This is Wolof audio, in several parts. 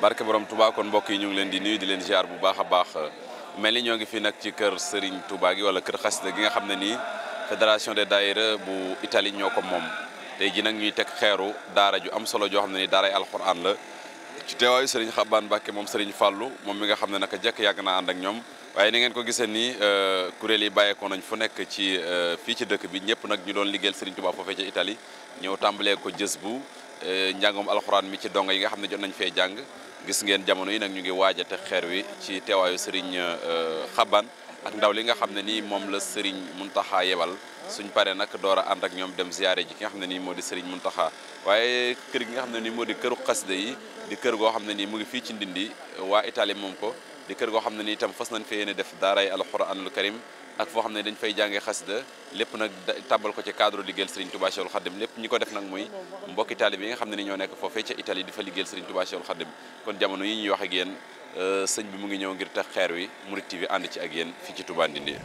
barke borom Touba kon mbokk yi ñu ngi leen di nuyu di leen ziar bu baax a baax mel ni ñoo ngi fi nag ci kër Serigne Touba gi wala kër xasida gi nga xam ne nii fédération de daayira bu itali ñoo ko moom te ji nag ñuy teg xeeru daara ju am solo joo xam ne nii daaray alxuraan la ci teewaayu Serigne Xabaan Mbàkke moom Serigne Fallou moom mi nga xam ne naka jekk yàgg naa ànd ak ñoom waaye ni ngeen ko gisee nii euh, kuréel yi bàyyeekoo nañ fu nekk ci euh, fii ci dëkk bi ñëpp nag ñu doon liggéeyal Serigne Touba foofee ca Italie ñëw ko jës bu euh, njàngum alxuraan mi ci dongo yi nga xam ne jot nañ fee jàng gis ngeen jamono yi nag ñu ngi waaj a teg xeer wi ci teewaayu Serigne euh, Xaban ak ndaw li nga xam ne nii moom la mun Muntaxa yebal suñ paree nag door a ànd ak ñoom dem ziare ji nga xam ne nii moo di mun taxa waaye kër gi nga xam ne nii moo di këru xasida yi di kër goo xam ne nii mu ngi fii ci Ndindi waa Italie moom ko di kër goo xam ne nii itam fas nañ fi yéene def yi daaray alxuraanul karim ak foo xam ne dañ fay jànge xasida lépp nag tàbbal ko ci cadre liggéeyal Serigne Touba Cheikhoul Khadim lépp ñi ko def nag muy mbokki taalibe yi nga xam ne ni ñoo nekk foofee ca Italie di fa liggéeyal Serigne Touba Cheikhoul Khadim kon jamono yi ñuy wax ak yéen euh, sëñ bi mu ngi ñëw ngir tax xeer wi Mouride TV ànd ci ak yéen fii ci Touba Ndindi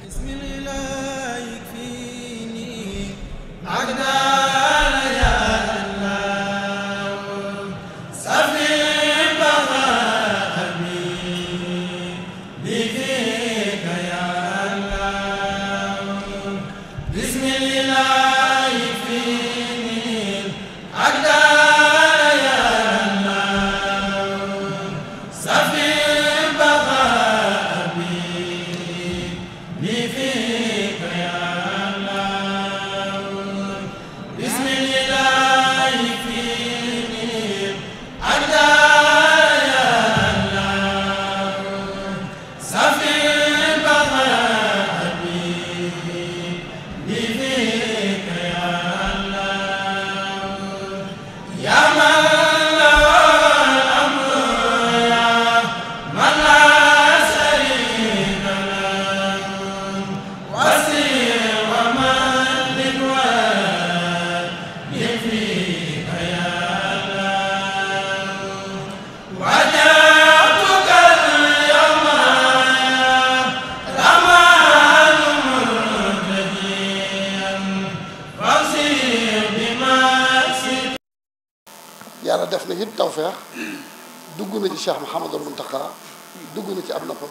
dugg na ci ab noppam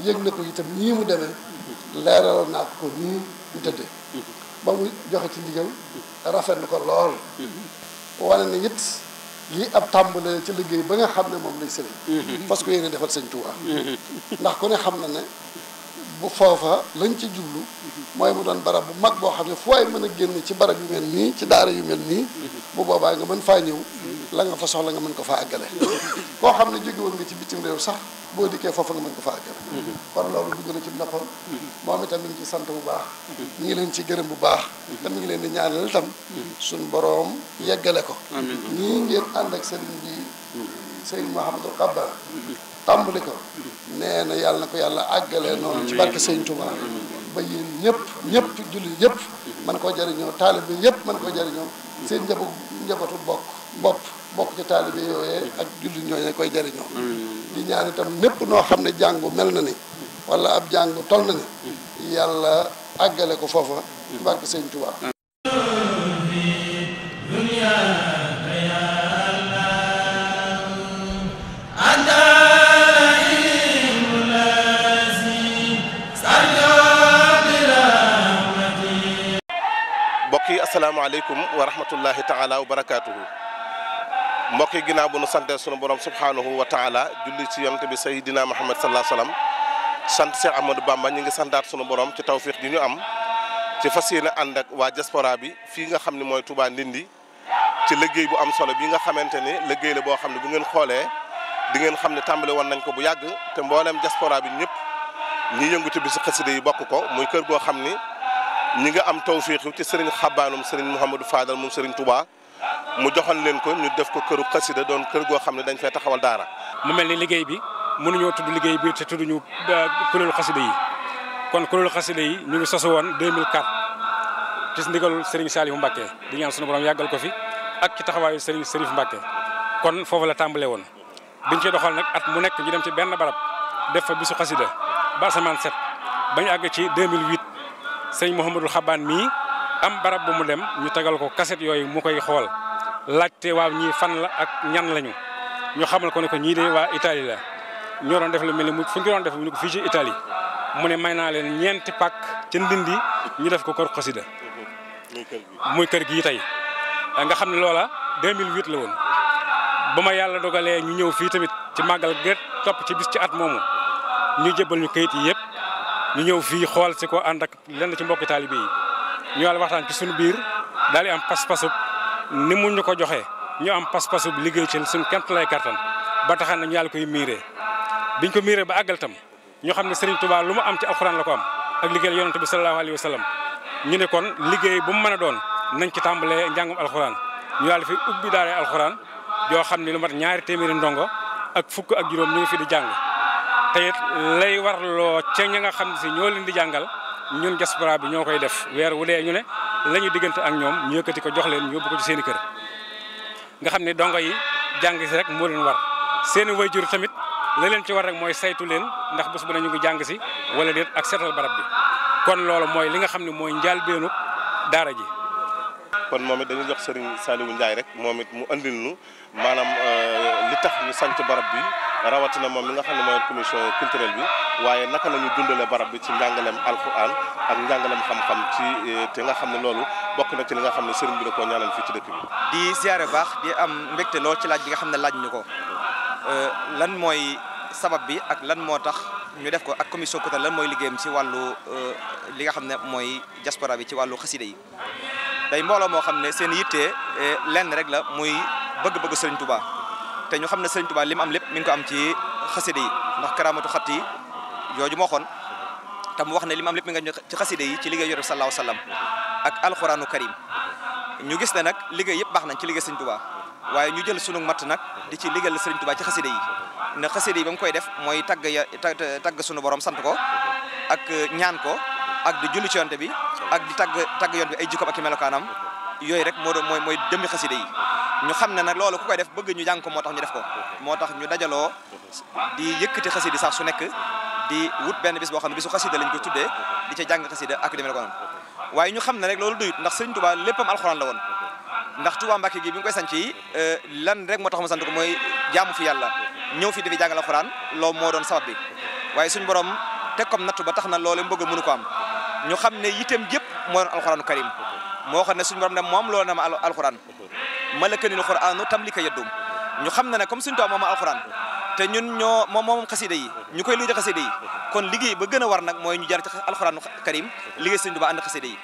yëg na ko itam nii mu demee leeralal naa ko nii mu ba mu joxe ci ndigal rafetlu ko lool wane ne it lii ab tàmbale ci liggéey ba nga xam ne moom lay sëriñ parce que yéen defal sëñ Tuubaa ndax ku ne xam na ne bu foofa lañ ci jublu mooy mu doon barab bu mag boo xam ne fu waay mën a génn ci barab yu mel nii ci daara yu mel nii bu boobaa nga mën faa ñëw la nga fa soxla nga mën ko faa àggale koo xam ne jóge woon nga ci bitim réew sax boo dikkee foofu nga mën ko faa gën mhm. kon loolu na ci noppam mhm. moom itam mi ci sant bu baax ñu mhm. ngi leen ci gërëm bu baax tam ñu ngi leen di ñaanal itam suñ boroom yeggale ko ñii ngeen ànd ak seen bi sëriñ Mouhamadou Xabbal tàmbali ko nee na yàlla na ko yàlla àggale noonu ci barke sëriñ Touba ba yéen ñëpp ñëpp julli yëpp man koo jëriñoo taalib bi yëpp man koo jëriñoo seen njabootu njabootu bokk bopp bokk ci taalibe yooyee ak jullit ñooñu koy jëriñoo mm. di ñaan itam mépp noo xam ne jàngu mel na ni wala ab jàngu tol na ni yàlla àggale ko foofa ci barke Sëñ Tuubaa asalaamaaleykum wa rahmatullahi taala wa barakaatuhu mbokk yi ginnaaw bu nu santee sunu borom subhaanahu wa taala julli ci yonent bi sayidina Muhammad salaa salaam sant Cheikh Ahmadou Bamba ñu ngi santaar sunu borom ci tawfiq ji ñu am ci fas yéene ànd ak waa diaspora bi fii nga xam ne mooy Touba Ndindi ci liggéey bu am solo bi nga xamante ni liggéey la boo xam ne bu ngeen xoolee di ngeen xam ne tàmbale woon nañ ko bu yàgg te mbooleem diaspora bi ñëpp ñi yëngu ci bisu xasida yi bokk ko muy kër goo xam ni ñi nga am tawfiq ci sëriñ xabaanum sëriñ Mouhamadou Fadal moom sëriñ Touba mu joxoon leen ko ñu def ko këru xasida doon kër goo xam ne dañ fay taxawal daara. mu mel ni liggéey bi mënuñoo tudd liggéey bi te tudduñu euh, kuréelu xasida yi kon kuréelu xasida yi ñu ngi sosu woon 2004 ci ndigalu Serigne Saliou Mbacké di ñaan sunu borom yàggal ko fi ak ci taxawaayu Serigne Serif Mbacké kon foofu la tàmbalee woon biñ ci doxal nag at mu nekk ñu dem ci benn barab def fa bisu xasida ba asamaan set ba ñu àgg ci 2008 sëñ Mouhamadou Xabaan mii am barab bu mu dem ñu tagal ko kaset yooyu mu koy xool. laajte waaw ñii fan la ak ñan lañu ñu xamal ko ne ko ñii de waa itali la ñoroon def lu mel ni fu ñu ko doon def mu ne ko fii mu ne may naa leen ñeenti pàkk ca Ndindi ñu def ko ko xasida muy kër gi tey nga xam ne loola 2008 la woon ba ma yàlla dogalee ñu ñëw fii tamit ci màggal gét topp ci bis ci at moomu ñu jébbal ñu kayit yi yëpp ñu ñëw fii xool si ko ànd ak lenn ci mbokki taalibe yi ñu wàll waxtaan ci suñu biir daal di am pas-pasu ni mu ñu ko joxee ñu am pas-pasu liggéey ci suñ kent lay kattan ba tax na ñu yàlla koy miiree biñ ko miire ba àggal tam ñu xam ne Serigne tubaa lu mu am ci alxuraan la ko am ak liggéeyal yonent bi sallallahu alayhi wa sallam ñu ne kon liggéey bu mu mën a doon nañ ci tàmbalee njàngum alxuraan ñu yàlla fi ubbi daaree alxuraan yoo xam ne lu mat ñaari téeméeri ndongo ak fukk ak juróom ñu ngi fi di jàng te it lay loo ca ña nga xam ne si ñoo leen di jàngal ñun diaspora bi ñoo koy def weer wu dee ñu ne la diggante ak ñoom ñu yëkkati ko jox leen yóbbu ko ci seen kër nga xam ne dongo yi jàng si rek moo leen war seen i tamit la ci war rek mooy saytu leen ndax bés bu nañu ñu ngi jàng si wala déet ak seetal barab bi kon loolu mooy li nga xam ne mooy njaal beenu daara ji. kon moom it dañuy jox Serigne Saliou Ndiaye rek moom it mu andil nu maanaam euh, li tax ñu sant barab bi. rawatina moom mi nga xam ne mooy commission culturelle bi waaye naka la ñu dundale barab bi ci njàngaleem alquran ak njàngaleem xam-xam ci eh, te nga xam ne loolu bokk na ci li nga xam ne sëriñ bi da koo ñaanal fii ci dëkk bi. baax di am mbégte lool ci laaj bi nga xam ne laaj ñu ko euh, lan mooy sabab bi ak lan moo tax ñu def ko ak commission culturelle lan mooy liggéeyam ci wàllu euh, li nga xam ne mooy diaspora bi ci wàllu xasida yi day mbooloo moo xam ne seen yitte eh, lenn rek la muy bëgg-bëgg sëriñ baax te ñu xam ne Serigne Touba li mu am lépp mi ngi ko am ci xaside yi ndax karaamatu xat yi yooju moo xoon te mu wax na li mu am lépp mi ci xaside yi ci liggéey yore sallallahu sallam ak alxuraanu karim ñu gis ne nag liggéey yëpp baax nañ ci liggéey Serigne Touba waaye ñu jël sunu matt nag di ci liggéeyal Serigne Touba ci xaside yi ne xaside yi ba koy def mooy tagg ya tagg sunu borom sant ko ak ñaan ko ak di julli ci yonte bi ak di tagg tagg yoon bi ay jikkoom ak i melokaanam yooyu rek moo doon mooy mooy dëmmi xaside yi ñu xam ne nag loolu ku koy def bëgg ñu jàng ko moo tax ñu def ko moo tax ñu dajaloo di yëkkati xasida sax su nekk di wut benn bis boo xam ne bisu xasida lañ ko tuddee di ca jàng xasida ak demee ko noonu waaye ñu ne rek loolu duyut ndax sëriñ Tuubaa léppam alxuraan la woon ndax Tuubaa Mbàkke gi bi nga koy sanc yi euh, lan rek moo tax mu sant ko mooy jaamu fi yàlla ñëw fi dafi jàngal alxuraan loolu moo doon sabab bi waaye suñ borom te kom nattu ba tax na loolu mbëgg mënu ko am ñu xam ne itam jëpp moo doon alxuraanu karim moo xam ne suñ borom ne moom loolu na ma malakanil qur'anu tamlika yaddum ñu xam na ne comme suñu tubaab moom alxuraan te ñun ñoo moom moom xasida yi ñu koy liggéey xasida yi kon liggéey ba gën a war nag mooy ñu jar ci alxuraanu karim liggéey suñu tubaab ànd xasida yi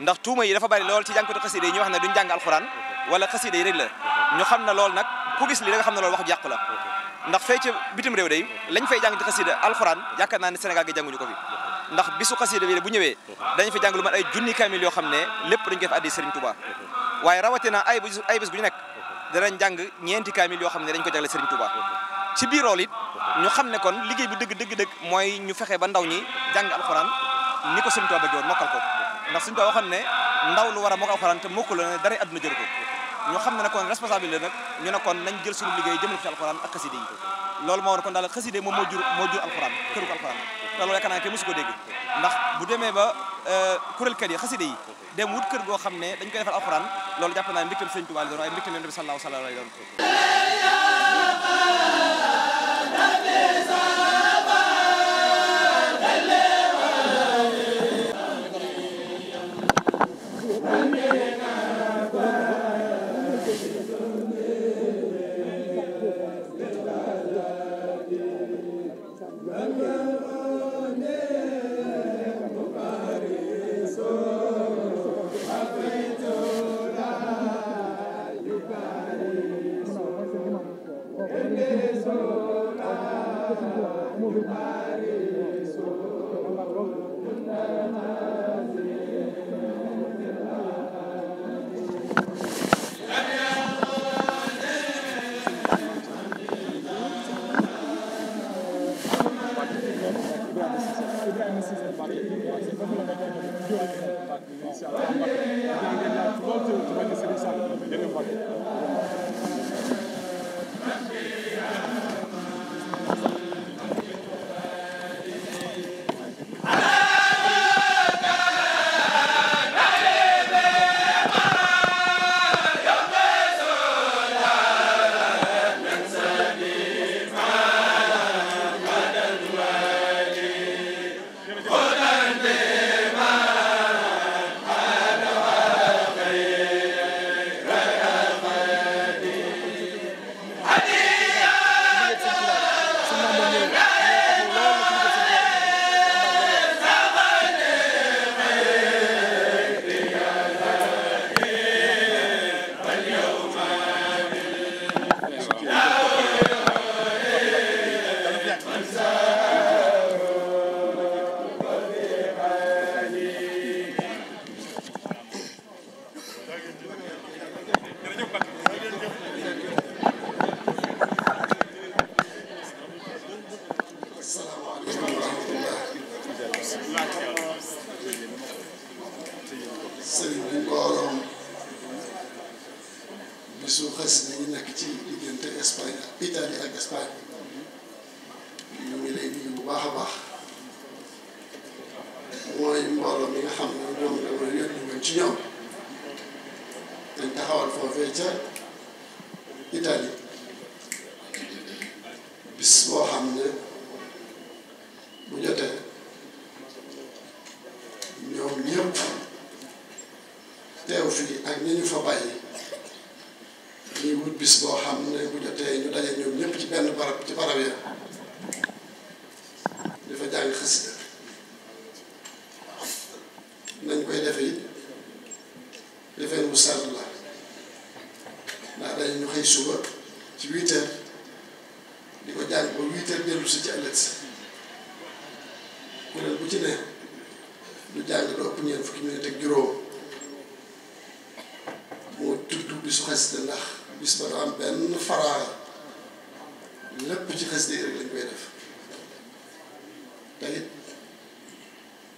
ndax tuuma yi dafa bari lool ci jàngkatu xasida yi ñu wax ne duñ jàng alxuraan wala xasida yi rek xam na lool nag ku gis li da nga xam ne loolu wax jàqu la ndax fee ci bitim réew day lañ fay jàng ci xasida alxuraan yaakaar naa ne Sénégal gi jànguñu ko fi ndax bisu xasida bi bu ñëwee dañ fi jàng lu ma ay junni kaamil yoo xam ne lépp dañ ko def addi Sëriñ waaye rawatina ay bés ay bés bu ñu nekk danañ jàng ñeenti kaamil yoo xam ne dañ ko jagle Serigne Touba ci biir loolu it ñu xam ne kon liggéey bi dëgg dëgg dëgg mooy ñu fexe ba ndaw ñi jàng alxuraan ni ko Serigne Touba bëggoon mokkal ko ndax Serigne Touba waxoon ne ndaw lu war a mokkal alxuraan te mokku la ne dara adduna jëru ko ñu xam ne ne kon responsabilité nag ñu ne kon nañ jël suñu liggéey jëmale ko ci alxuraan ak xaside yi loolu moo war kon daal xaside moom moo jur moo jur alxuraan këru ko Euh, kuréelkat yi xasida yi dem wut kër goo xam ne dañ koy defal alxuraan loolu jàpp naa mbégtam sëñ Tuubaa la doon waaye mbégtam Yonent bi sallallahu alayhi wa sallam Goodbye. étudiant dañ taxawal foofee ca Italie bis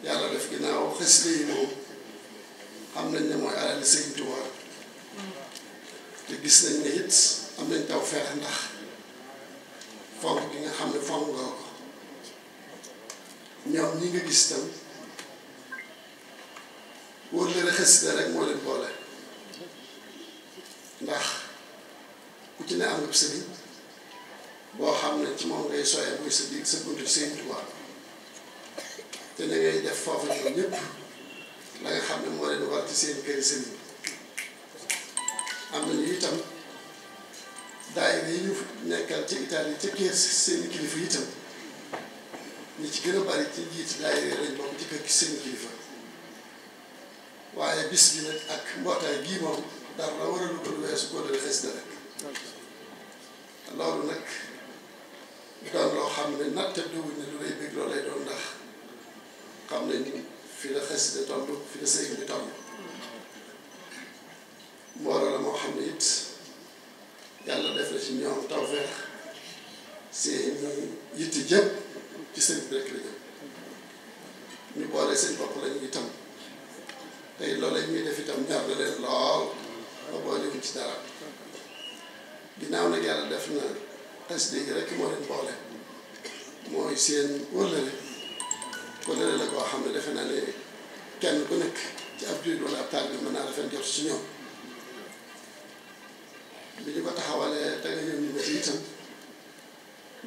yàlla def ginnaaw xasida yi moom xam nañ ne mooy alali Sëriñ Tuubaa te gis nañ ne it am nañ taw feex ndax fonk gi nga xam ne fonk nga ko ñoom ñi nga gis tam wóor leen xasida rek moo leen boole ndax ku ci ne am nga sëriñ boo xam ne ci moom ngay soyee muy sa biir sa buntu Sëriñ Tuubaa te da ngay def foofu ñoom ñëpp la xam ne moo leen war ci seen kër sëriñ am nañu itam daayira yi ñu nekkal ci Italie ca kër seen kilifa itam ñi ci gën a bari ci njiit daayira lañ bokk ci kër seen kilifa waaye bis bi nag ak mbootaay gii moom dara la war a lutul weesu góor la xes rek loolu nag doon loo xam ne natt te duwuñ ne lu lay bëgg loolu lay doon ndax xam leen ni fi la xasida toll fi la sëriñ bi toll mbooloo la moo xam ne it yàlla def na ci ñoom tawfeex seen yitti jëpp ci sëriñ boole seen bopp lañu itam tey loolu ñuy def itam ñor na leen lool ba boolewuñ ci dara ginnaaw nag yàlla def na xasida yi rek moo leen boole mooy seen wëllale kóllëre la koo xam ne defe naa ne kenn ku nekk ci ab jullit wala ab taalibe mën naa rafet jot si ñoom bi ñu ko taxawalee te nga ñëw ñu métti itam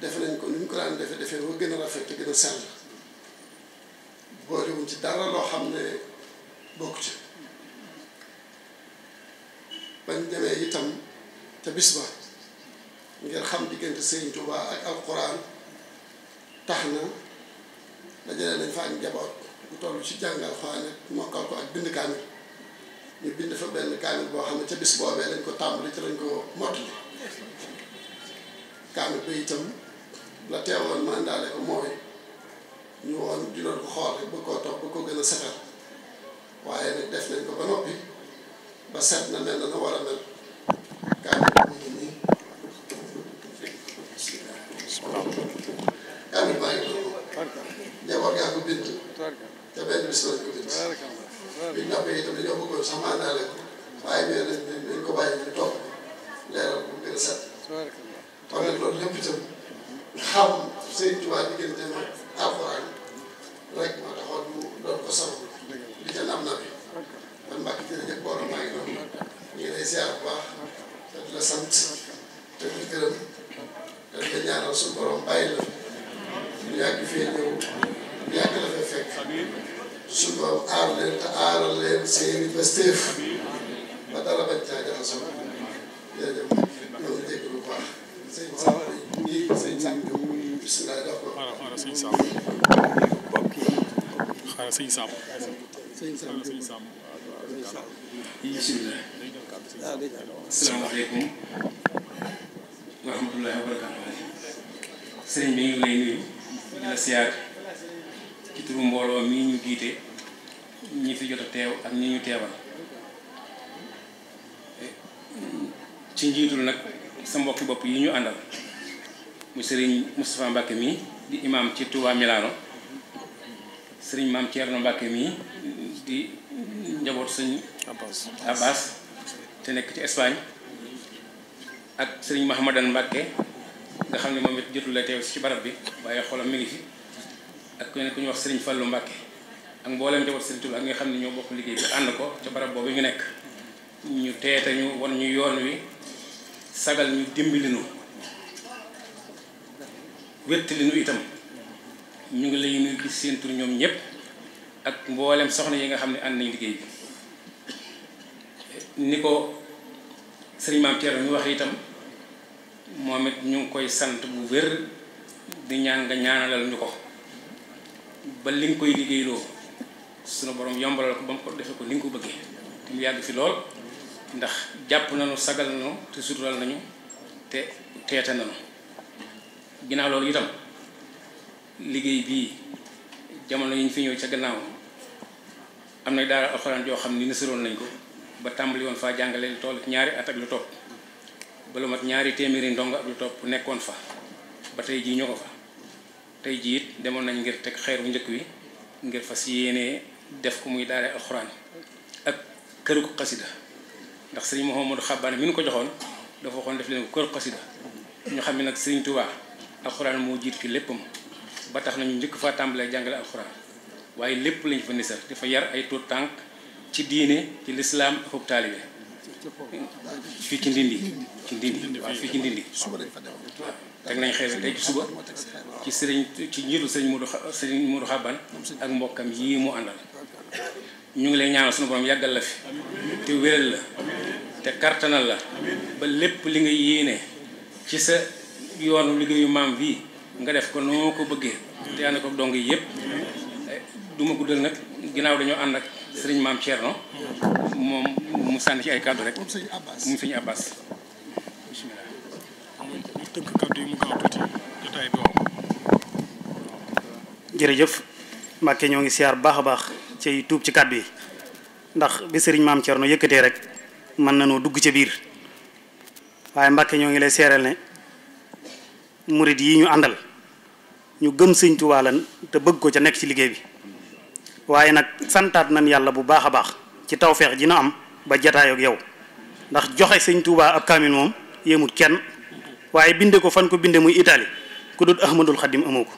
defe nañ ko ni ñu ko daan defee defee ba gën a rafet te gën a sell boolewuñ ci dara loo xam ne bokk ci bañ demee itam te bis ba ngir xam diggante Sëriñ Tuubaa ak alquran tax na. dajale nañ fa ak njaboot bu toll ci jàngal xuraan mokkal ko ak bind kaamil ñu bind fa benn kaamil boo xam ne ca bis boobee lañ ko tàmbali ci lañ ko mottali kaamil ba itam la teewoon ma àndaale ko mooy ñu woon di doon ko xool bëgg koo topp bëgg ko gën a setal waaye nag def nañ ko ba noppi ba set na mel na na war a mel ziar bu baax te di la sant te di gërëm te di la ñaanal suñu fekk suñu borom leen te aaral leen seen i pastéef ba dara bañ caa jaxasoo jërëjëf loolu dégg lu baax sëñ Saal di sëñ Saal di bisimilah jox ko. sëñ Saal asalaamaaleykum wa rahmatullahi sëriñ bi ñu lay nuyu di la siyaar ci turu mbooloo mii ñu jiite ñi fi jot a teew ak ñi ñu teewal ci njiitul nag sa mbokki bopp yi ñu àndal mu sëriñ Moustapha Mbacke mii di imam ci Touba Milano sëriñ maam Thierno Mbacke mii di njaboot sëñ Abbas te nekk ci Espagne ak sëriñ Mahamadan Mbàkke nga xam ne moom it jotul la teew ci barab bi waaye xolam mi ngi fi ak keneen ku ñuy wax sëriñ Fallou Mbàkke ak mbooleem njaboot sëriñ Tuubaa ak nga xam ne ñoo bokk liggéey bi ko ca barab boobu ñu nekk ñu teete ñu wan ñu yoon wi sagal ñu dimbali nu itam ñu ngi lay nuyu gis seen tur ñoom ñëpp ak mboolem soxna yi nga xam ne ànd nañ liggéey bi ni ko sëriñ maam Thierno ñu wax itam moom it ñu ngi koy sant bu wér di ñaan nga ñaanalal ñu ko ba li nga koy liggéeyloo sunu boroom yombalal ko ba mu ko defee ko ni nga ko bëggee te mu yàgg fi lool ndax jàpp nañu sagal nañu te sutural nañu te teete nañu ginnaaw loolu itam liggéey bii jamono yi ñu fi ñëw ca gannaaw am na daara alxuraan yoo xam ni nësaroon nañ ko. ba tambali won fa jangale lu nyari ñaari at ak lu top ba lu mat ñaari témiri ndong ak lu top nekkon fa ba tay ji ñoko fa tay ji it demoon nañ ngir tek xeer bu ñëk wi ngir si yene def ko muy daara alquran ak këru ko xasida ndax serigne mohammed Xabaane min ko joxoon dafa waxoon def leen ko këru qasida ñu xamni nak serigne touba alquran mo jitt fi léppam ba tax nañu ñëk fa tambalé jangale alquran waye lepp lañ fa nissal difa yar ay tuut tank ci diine ci lislaam ak taalibe fii ci ndindi ci ndindi waaw fii ci ndindi waaw teg nañ xeer tey ci suba ci sëriñ ci njiitu sëriñ Modou sëriñ Xaban ak mbokkam yii mu àndal ñu ngi lay ñaanal sunu borom yàggal la fi te wéral la te kartanal la ba lépp li nga yéene ci sa yoonu liggéeyu maam bii nga def ko noo ko bëggee te ànd ko dong yëpp eh, duma guddal nag ginnaaw dañoo ànd ak serigne mam maam non mom mu sànni ci ay cadeau rek mom serigne Abbas mom serigne Abbas bismillah mu tënk kàddu mu gaaw tuuti jotaay bi jërëjëf Mbàkke ñoo ngi siar baax baax ci youtube ci cadeau yi ndax bi sëriñ maam Thierno yëkkatee rek man nañu dugg ci biir waye mbacké ñoo ngi lay seeral né murit yi ñu andal ñu gëm serigne touba lan te bëgg ko ca nekk ci liggéey bi waaye nag santaat nañ yàlla bu baax a baax ci tawfeex ji na am ba jataay ak yow ndax joxe sëñ Touba ab kaamil moom yéemut kenn waaye bindee ko fan ko binde muy Italie ku dul Ahmadul Xadim amoo ko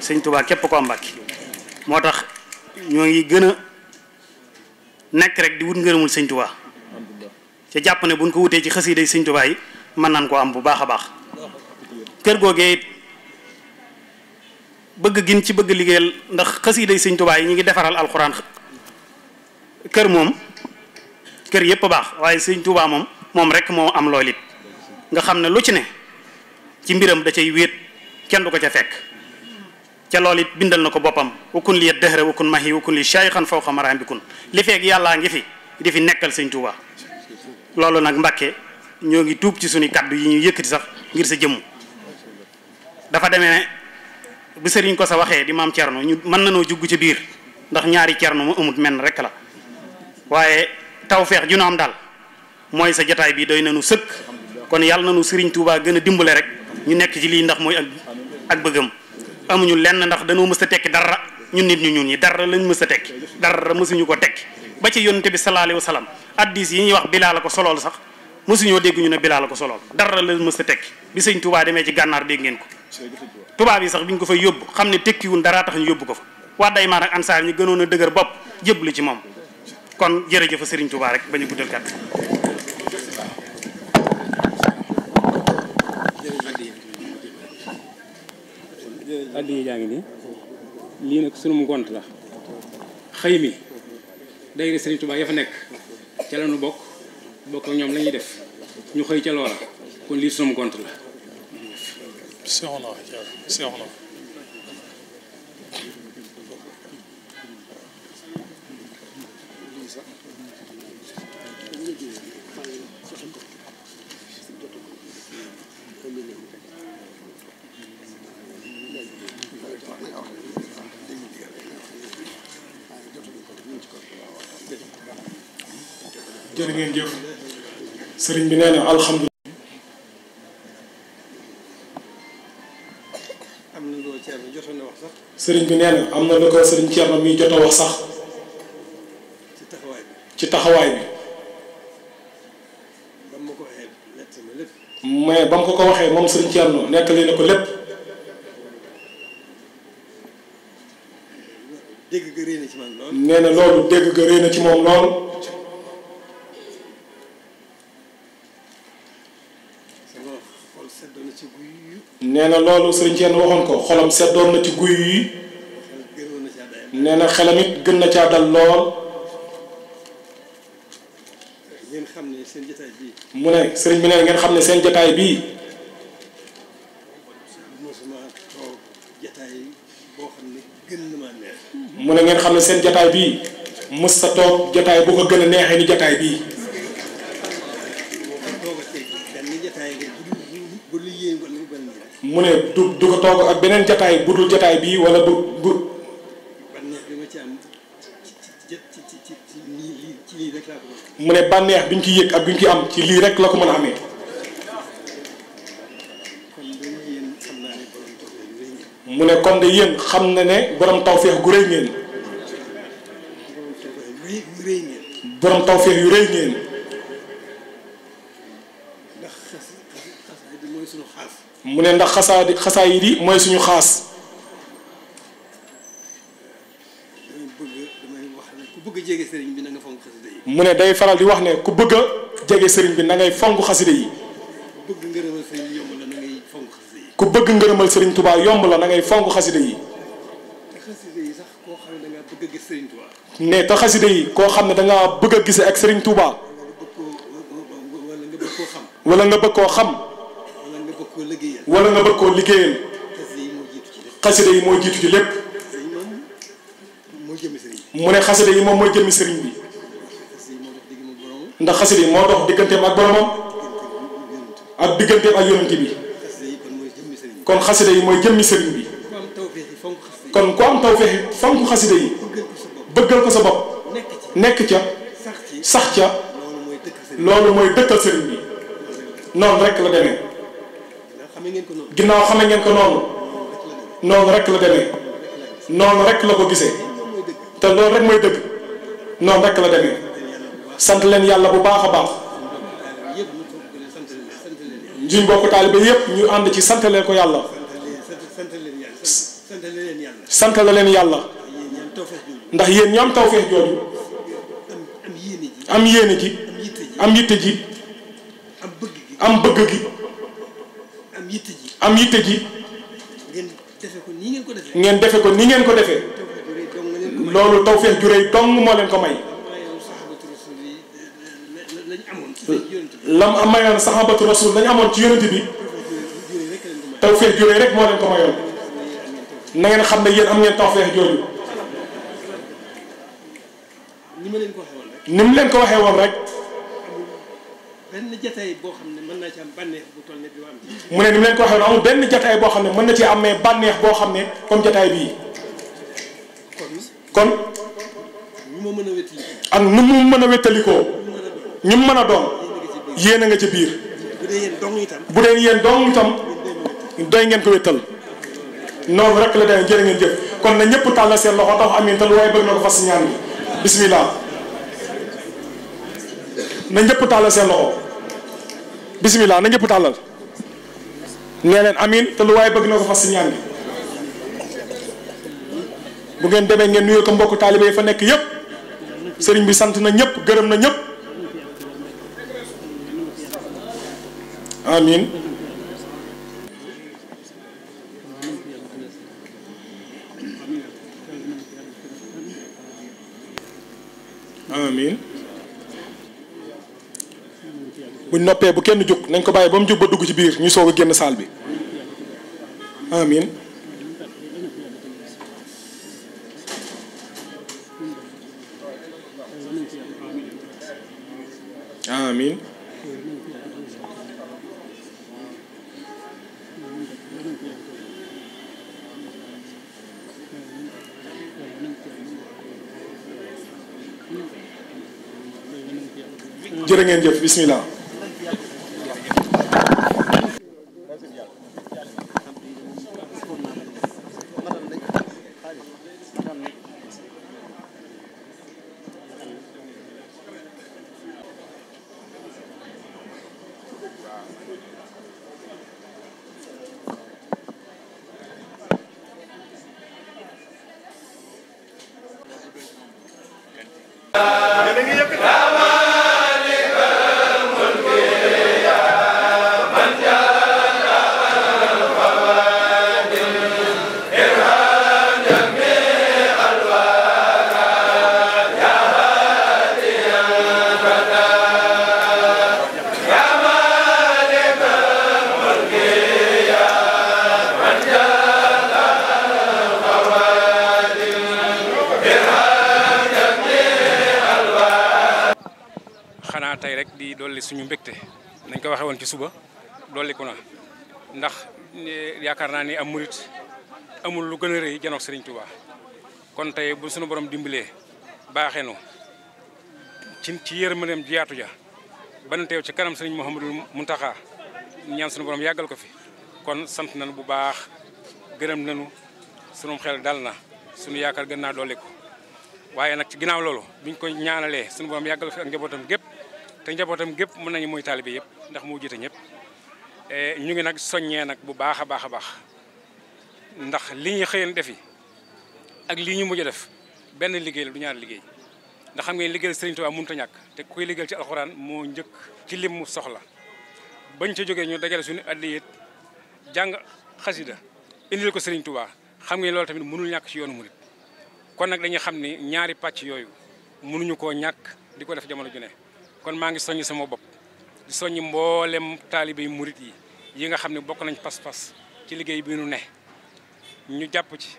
sëñ Touba képp ko am mbàkki moo tax ñoo ngi gën a nekk rek di wut ngërëmul sëñ Touba ca jàpp ne buñ ko wutee ci xasiiday sëñ Touba yi mën nañ koo am bu baax a baax kër googee bëgg gin ci bëgg liggéeyal ndax xasiiday sëñ touba yi ñi ngi defaral alxuraan kër moom kër yépp baax waaye sëñ touba moom moom rek moo am lool nga xam lu ci ne ci mbiram da cay wéet kenn du ko ca fekk ca bindal na ko boppam ukun li yet wukun ukun mahi ukun li shaykhan fawqa xamaraam bi kun li feeg yàllaa ngi fi di fi nekkal sëñ touba loolu nag Mbàkke ñoo ngi tuub ci suñu kaddu yi ñu yëkkati sax ngir sa jëmm dafa demee bi sëriñ ko sa waxee di maam cerno ñu mën nanoo jugg ci biir ndax ñaari cerno mu amut menn rek la waaye tawfeex ju nu am daal mooy sa jataay bi doy nanu sëkk kon yàlla nanu sëriñ tuubaa gën a dimbale rek ñu nekk ci lii ndax mooy ak ak bëggam amuñu lenn ndax danoo mës a tekki dara ñun nit ñu ñun ñi dara lañ mës a tekki dara mësuñu ko tekki ba ci yonente bi sallallahu alayhi wa sallam yi ñuy wax bilaa la ko solool sax mësuñoo dégg ñu ne bilaa ko solool dara lañ mës a tekki bi sëñ Touba demee ci gànnaar dégg ngeen ko tubaab yi sax bi biñ ko fay yóbbu xam ne tekkiwun dara tax ñu yóbbu ko fa waa day maa nag ansaar ñi gënoon a dëgër bopp lu ci moom kon jërëjëf Serigne Touba rek bañu guddal kat addiya jaa ngi nii lii nag sunu la xëy mi day Serigne Touba fa nekk ca la bokk ñoom la def ñu xëy ca loola la C'est en là, c'est en là. jërë ngeen jëf sëriñ bi nee na alhamdulilah sëriñ bi nee na am na lu ko sëriñ Thierno mi jot a wax sax ci taxawaay bi mais ba mu ko ko waxee moom sëriñ Thierno nettali na ko lépp nee na loolu dégg ga réy na ci moom lool nee na loolu sëriñ Thierno waxoon ko xolam seddoon na ci guy yi nee na xelam it gën na caa dal lool mu ne sëriñ bi nee ngeen xam ne seen jataay bii mu ne ngeen xam ne seen jataay bii mës sa toog jataay bu ko gën a neexee ni jataay bii mu ne du du ko toog ak beneen jataay budul jataay bii wala bu bu. mu ne bànneex bi ñu ci yëg ak bi ñu ci am ci lii rek la ko mën a amee. mu ne kon de yéen xam na ne borom tawféex gu rëy ngeen. borom tawféex yu rëy ngeen. mu ne ndax xasaadi xasaayid yi mooy suñu xaas mu ne day faral di wax ne ku bëgg a jege sëriñ bi na ngay fonk xaside yi ku bëgg ngërëmal sëriñ Tuubaa yomb la na ngay fonk xaside yi ne te xaside yi koo xam ne dangaa bëgg a gise ak sëriñ Tuubaa wala nga bëgg koo xam wala nga bëgg koo liggéeyal xasida yi moo jiitu ci lépp mu ne xasida yi moom mooy jëmmi sëriñ bi ndax xasida yi moo dox digganteem ak boromam ak digganteem ak yonent bi kon xasida yi mooy jëmmi sëriñ bi kon ku am tawféex yi fonk xasida yi bëggal ko sa bopp nekk ca sax ca loolu mooy dëkkal sëriñ bi noonu rek la demee. ginnaaw xame ngeen ko noonu noonu rek la demee noonu rek la ko gisee te loolu rek mooy dëgg noonu rek la demee sant leen yàlla bu baax a baax njuñ bokk taalibe yépp ñu ànd ci sant leen ko yàlla sant la leen yàlla ndax yéen ñi am tawfeex jooju am yéene ji am yitte ji am bëgg gi am yitte ji ngeen defe ko ni ngeen ko defe lolu tawfiq ngeen ju rëy dong mo len ko may lam am mayoon saxaabatu rasul lañ amon ci yonent bi tawfiq ju rëy rek mo len ko mayon na ngeen xam ne yéen am ngeen tawfeex jooju ni mu leen ko waxé won rek benn jataay boo xam ne mën naa ci am bànneex bu toll ne bi am. mu ne ni ko waxee amul benn jataay boo xam ne mën na ci amee bànneex boo xam ne comme jataay bii. kon. kon. ñu ma mën a wétali. ak nu mu mën a wétalikoo. ñu mën a doon. yéen a nga ci biir. bu dee yéen dong itam. bu dee yéen dong itam. ngeen ko wétal. noonu rek la demee jërë ngeen jëf kon na ñëpp tàll seen loxo tax amiin tal waaye bëgg na ko fas ñaan bi bisimilah na ñëpp tàll seen loxo. bisimilah na ñëpp tàllal nee amin te lu waaye bëgg na ko fas si ñaan bu ngeen demee ngeen nuyoo ko mbokk taalibe fa nekk yëpp sëriñ bi sant na ñëpp gërëm na ñëpp amin buñ noppee bu kenn jóg nañ ko bàyyi ba mu jóg ba dugg ci biir ñu soog a génn saal bi amin ngeen jëf bismillah suñu mbégte nañ ko waxee woon ci suba dolli ko na ndax yaakaar naa ni am murit amul lu gën a rëy janoog Serigne Touba kon tey bu suñu borom dimbalee baaxee nu ci ci yërmandeem jiyaatu ja ban teew ci kanam Serigne Mouhamadou Mountakha ñaan suñu borom yàggal ko fi kon sant na nañu bu baax gërëm nañu sunu xel dal na sunu yaakaar gën naa dolli ko waaye nag ci ginnaaw loolu biñ ko ñaanalee sunu borom yàggal fi ak njabootam gépp te njabootam gépp mën nañu muy taalibe yëpp ndax moo jiite ñëpp e, ñu ngi nag soññee nag bu baax a baax a baax ndax li ñu xëyan defi ak lii ñu mujj a def benn liggéey la du ñaar liggéey ndax xam ngeen liggéey Sëriñ Tuubaa mënut ñàkk te kuy liggéeyal ci alxuraan moo njëkk ci lim soxla bañ ca jógee ñu dajale suñu addiyet jàng xasida indil ko Sëriñ Tuubaa xam ngeen loolu tamit mënul ñàkk ci yoonu murit kon nag dañuy xam ni ñaari pàcc yooyu mënuñu koo ñàkk di ko def jamono ju ne kon ma ngi soññ sama bop di soññ mbollem talibey yu yi yi nga xamni bokk nañ pas-pas ci liggey bi ñu ne ñu japp ci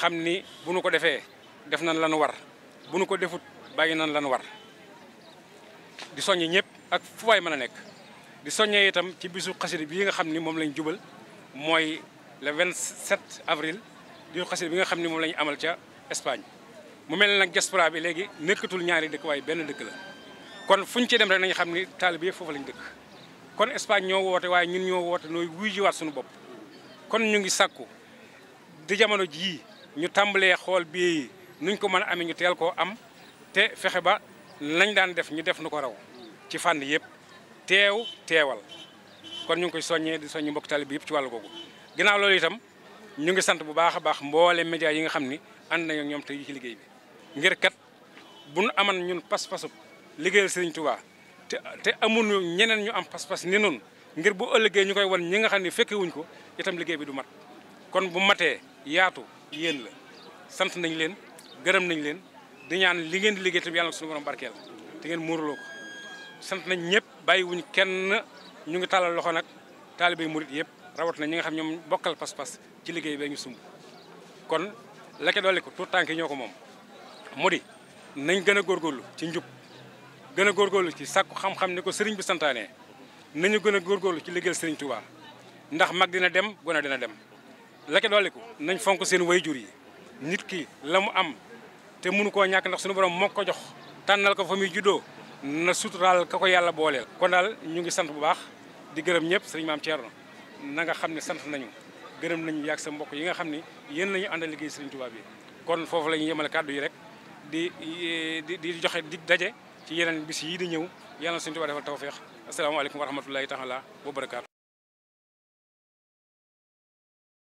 xamni bu ñu ko defé def nañ lan war bu ñu ko defut bàyyi nañ lan war di soññ ñepp ak fu way mëna nek di soñé itam ci bisu xasida bi nga xamni mom lañ jubal moy le 27 avril di xasida bi nga xamni mom lañ amal ca Espagne mu mel nak diaspora bi nekatul ñaari dekk way benn dekk la kon fu ñu ci dem rek nañ xam ni taalibe foofu lañ dëkk kon Espagne ñoo woote waaye ñun ñoo woote nooy wuy jiwaat suñu bopp kon ñu ngi sàkku di jamono jii ñu tàmbalee xool bi yi nuñ ko mën a amee ñu teel koo am te fexe ba lañ daan def ñu def nu ko raw ci fànn yëpp teew teewal kon ñu ngi koy soññee di soññi mbokk taalibe yëpp ci wàllu googu ginnaaw loolu itam ñu ngi sant bu baax a baax mboole média yi nga xam ni ànd nañu ñoom te ci liggéey bi ngir kat bu nu ñun pas liggéeyal Serigne Touba te te amuñu ñeneen ñu am pas-pas ni noonu ngir bu ëllëgee ñu koy wan ñi nga xam ni fekke wuñ ko itam liggéey bi du mat kon bu matee yaatu yéen la sant nañ leen gërëm nañ leen di ñaan li ngeen di liggéey itam yàlla na ko suñu ngeen muurloo ko sant nañ ñëpp bàyyiwuñ kenn ñu ngi tàllal loxo nag taalibe murit yëpp rawat na ñi nga xam ñoom bokkal pas-pas ci liggéey bee ñu sumb kon la dolli ko tuut tànk ñoo ko moom mu di nañ gën a góorgóorlu ci njub gën a góorgóorlu ci sàkku xam-xam ni ko sëriñ bi santaane nañu gën a góorgóorlu ci liggéeyal sëriñ Touba ndax mag dina dem gone dina dem la ca dolliku nañ fonk seen jur yi nit ki la mu am te mënu koo ñàkk ndax suñu borom moo ko jox tànnal ko fa muy juddoo na suturaal ka ko yàlla booleel kon daal ñu ngi sant bu baax di gërëm ñëpp sëriñ maam Thierno na nga xam ne sant nañu gërëm nañu yàgg sa mbokk yi nga xam ni yéen la ñu àndal liggéey sëriñ Touba bi kon foofu la ñuy yemale kàddu yi rek di di di joxe di daje ci yeneen bis yii di ñëw yàlla na suñu Tuubaa defal tawféex asalaamaaleykum wa rahmatulahi taala wa barakaatu